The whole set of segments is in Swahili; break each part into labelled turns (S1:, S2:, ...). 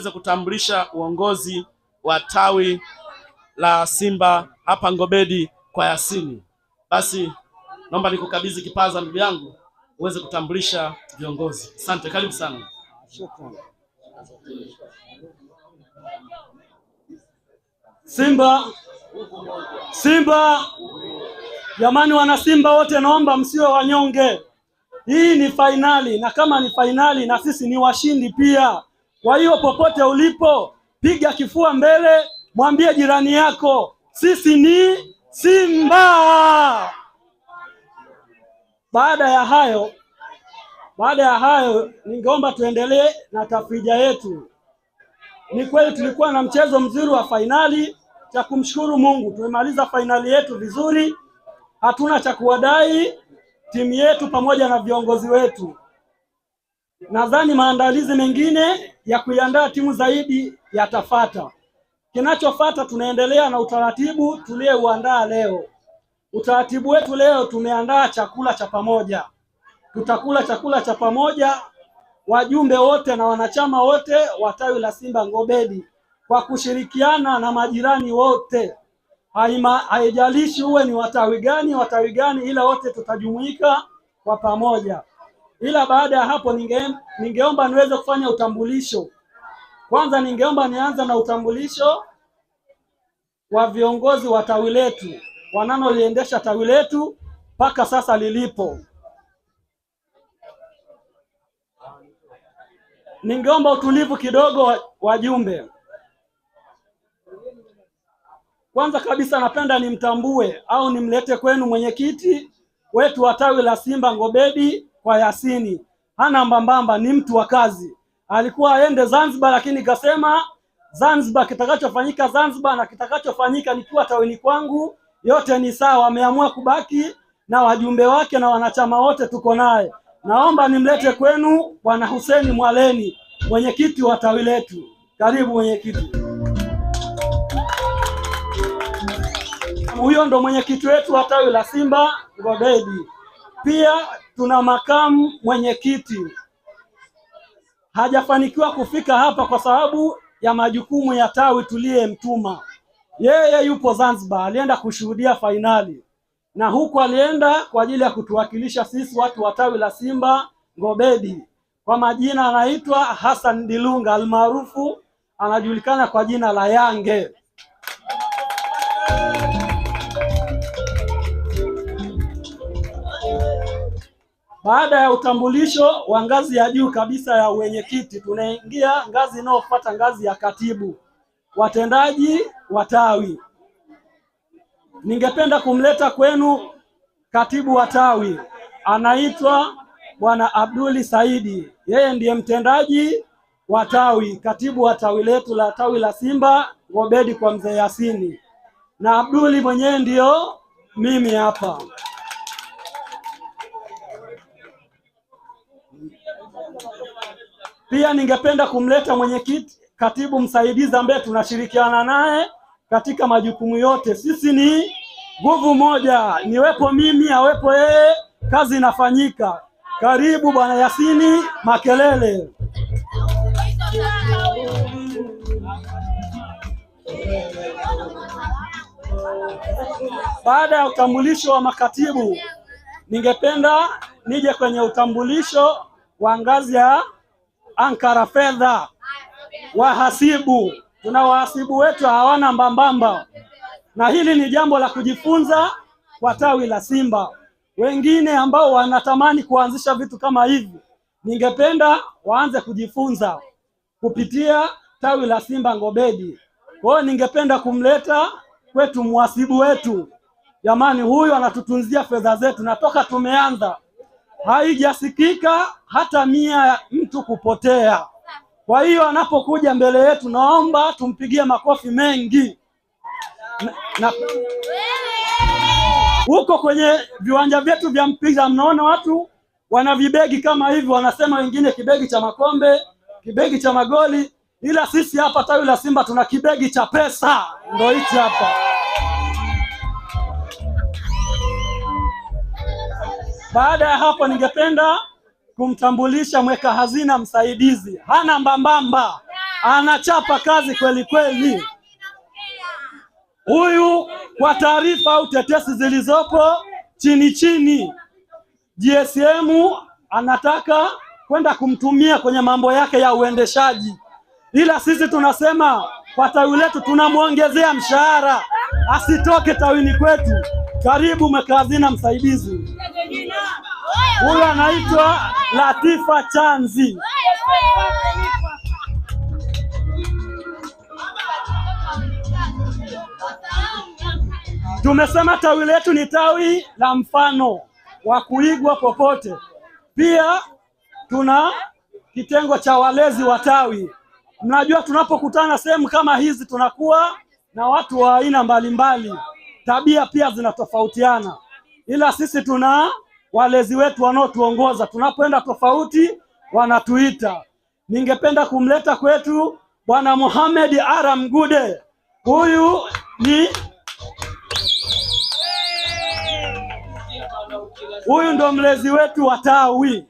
S1: niweze kutambulisha uongozi wa tawi la Simba hapa Ngobedi kwa Yasini. Basi naomba nikukabidhi kipaza ndugu yangu uweze kutambulisha viongozi. Asante, karibu sana.
S2: Simba, Simba jamani, wana Simba wote, naomba msiwe wanyonge. Hii ni fainali, na kama ni fainali na sisi ni washindi pia. Kwa hiyo popote ulipo, piga kifua mbele, mwambie jirani yako, sisi ni Simba. Baada ya hayo, baada ya hayo, ningeomba tuendelee na tafrija yetu. Ni kweli tulikuwa na mchezo mzuri wa fainali, cha kumshukuru Mungu tumemaliza fainali yetu vizuri, hatuna cha kuwadai timu yetu pamoja na viongozi wetu. Nadhani maandalizi mengine ya kuiandaa timu zaidi yatafata. kinachofata tunaendelea na utaratibu tuliouandaa leo. Utaratibu wetu leo, tumeandaa chakula cha pamoja. Tutakula chakula cha pamoja wajumbe wote na wanachama wote wa tawi la Simba Ngobedi kwa kushirikiana na majirani wote, haijalishi uwe ni watawi gani watawi gani, ila wote tutajumuika kwa pamoja ila baada ya hapo ninge, ningeomba niweze kufanya utambulisho. Kwanza ningeomba nianze na utambulisho wa viongozi wa tawi letu wananoliendesha tawi letu mpaka sasa lilipo. Ningeomba utulivu kidogo, wajumbe. Kwanza kabisa napenda nimtambue au nimlete kwenu mwenyekiti wetu wa tawi la Simba Ngobedi kwa Yasini. Hana mbambamba, ni mtu wa kazi. Alikuwa aende Zanzibar, lakini kasema Zanzibar kitakachofanyika Zanzibar na kitakachofanyika nikiwa tawini kwangu yote ni sawa. Ameamua kubaki na wajumbe wake na wanachama wote tuko naye. Naomba nimlete kwenu Bwana huseni Mwaleni, mwenyekiti wa tawi letu. Karibu mwenyekiti. Huyo ndo mwenyekiti wetu wa tawi la Simba Godedi. Pia tuna makamu mwenyekiti hajafanikiwa kufika hapa kwa sababu ya majukumu ya tawi tuliyemtuma. Yeye yupo Zanzibar, alienda kushuhudia fainali na huku alienda kwa ajili ya kutuwakilisha sisi watu wa tawi la Simba Ngobedi. Kwa majina anaitwa Hassan Dilunga almaarufu anajulikana kwa jina la Yange. Baada ya utambulisho wa ngazi ya juu kabisa ya uwenyekiti, tunaingia ngazi inayofuata, ngazi ya katibu watendaji wa tawi. Ningependa kumleta kwenu katibu wa tawi, anaitwa Bwana Abduli Saidi, yeye ndiye mtendaji wa tawi, katibu wa tawi letu la tawi la Simba Ngobedi kwa mzee Yasini, na Abduli mwenyewe ndiyo mimi hapa. Pia ningependa kumleta mwenyekiti, katibu msaidizi ambaye tunashirikiana naye katika majukumu yote. Sisi ni nguvu moja, niwepo mimi awepo yeye, kazi inafanyika. Karibu bwana Yasini Makelele. Baada ya utambulisho wa makatibu, ningependa nije kwenye utambulisho wa ngazi ya ankara fedha, wahasibu. Tuna wahasibu wetu hawana mbambamba, na hili ni jambo la kujifunza kwa tawi la Simba. Wengine ambao wanatamani kuanzisha vitu kama hivi, ningependa waanze kujifunza kupitia tawi la Simba Ngobedi. Kwa hiyo ningependa kumleta kwetu mhasibu wetu, jamani, huyu anatutunzia fedha zetu na toka tumeanza haijasikika hata mia ya mtu kupotea. Kwa hiyo anapokuja mbele yetu, naomba tumpigie makofi mengi na, huko kwenye viwanja vyetu vya mpira mnaona watu wana vibegi kama hivi, wanasema wengine kibegi cha makombe, kibegi cha magoli, ila sisi hapa tawi la Simba tuna kibegi cha pesa, ndio hichi hapa. Baada ya hapo, ningependa kumtambulisha mweka hazina msaidizi. Hana mbambamba, anachapa kazi kweli kweli huyu. Kwa taarifa au tetesi zilizopo chini chini, GSM anataka kwenda kumtumia kwenye mambo yake ya uendeshaji, ila sisi tunasema kwa tawi letu tunamwongezea mshahara, asitoke tawini kwetu. Karibu mweka hazina msaidizi. Huyu anaitwa Latifa Chanzi. Tumesema tawi letu ni tawi la mfano wa kuigwa popote. Pia tuna kitengo cha walezi wa tawi. Mnajua, tunapokutana sehemu kama hizi tunakuwa na watu wa aina mbalimbali, tabia pia zinatofautiana, ila sisi tuna walezi wetu wanaotuongoza tunapoenda tofauti wanatuita. Ningependa kumleta kwetu Bwana Mohamed Aram Gude. Huyu ni huyu ndo mlezi wetu wa tawi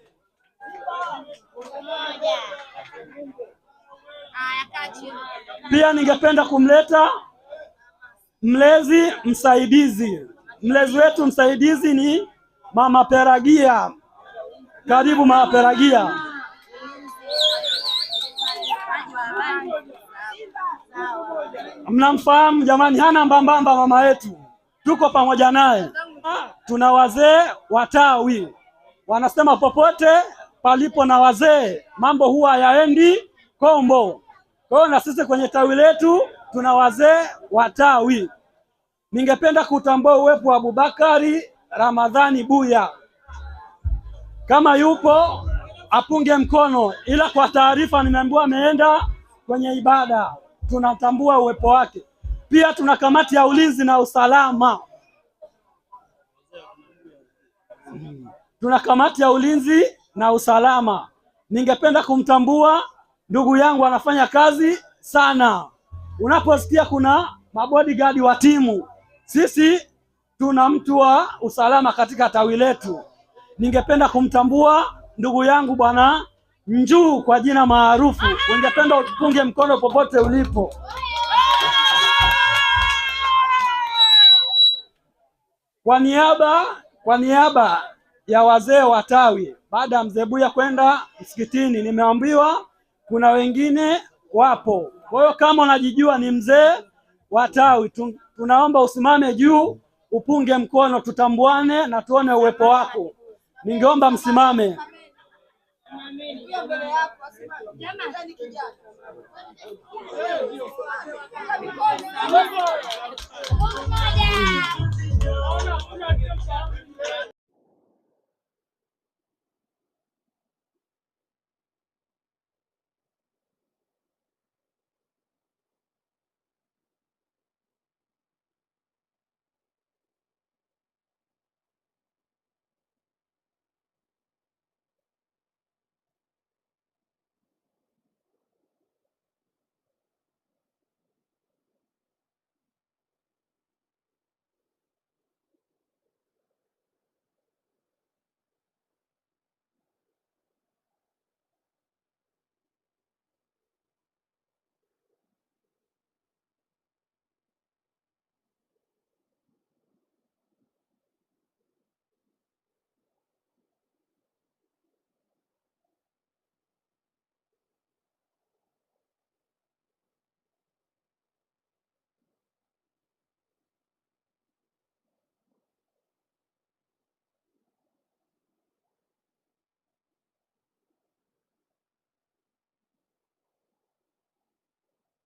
S2: pia ningependa kumleta mlezi msaidizi. Mlezi wetu msaidizi ni Mama Peragia, karibu Mama Peragia. Mnamfahamu jamani, hana mbambamba mama yetu, tuko pamoja naye. Tuna wazee watawi wanasema popote palipo na wazee mambo huwa yaendi kombo. Kwa hiyo na sisi kwenye tawi letu tuna wazee watawi. Ningependa kutambua uwepo wa Abubakari Ramadhani Buya kama yupo apunge mkono, ila kwa taarifa nimeambiwa ameenda kwenye ibada. Tunatambua uwepo wake. Pia tuna kamati ya ulinzi na usalama, tuna kamati ya ulinzi na usalama. Ningependa kumtambua ndugu yangu, anafanya kazi sana. Unaposikia kuna mabodigadi wa timu, sisi tuna mtu wa usalama katika tawi letu. Ningependa kumtambua ndugu yangu bwana Njuu kwa jina maarufu. Ningependa upunge mkono popote ulipo. Kwa niaba kwa niaba ya wazee wa tawi, baada ya mzee Buya kwenda msikitini, nimeambiwa kuna wengine wapo. Kwa hiyo kama unajijua ni mzee wa tawi, tunaomba usimame juu upunge mkono, tutambuane na tuone uwepo wako. Ningeomba msimame.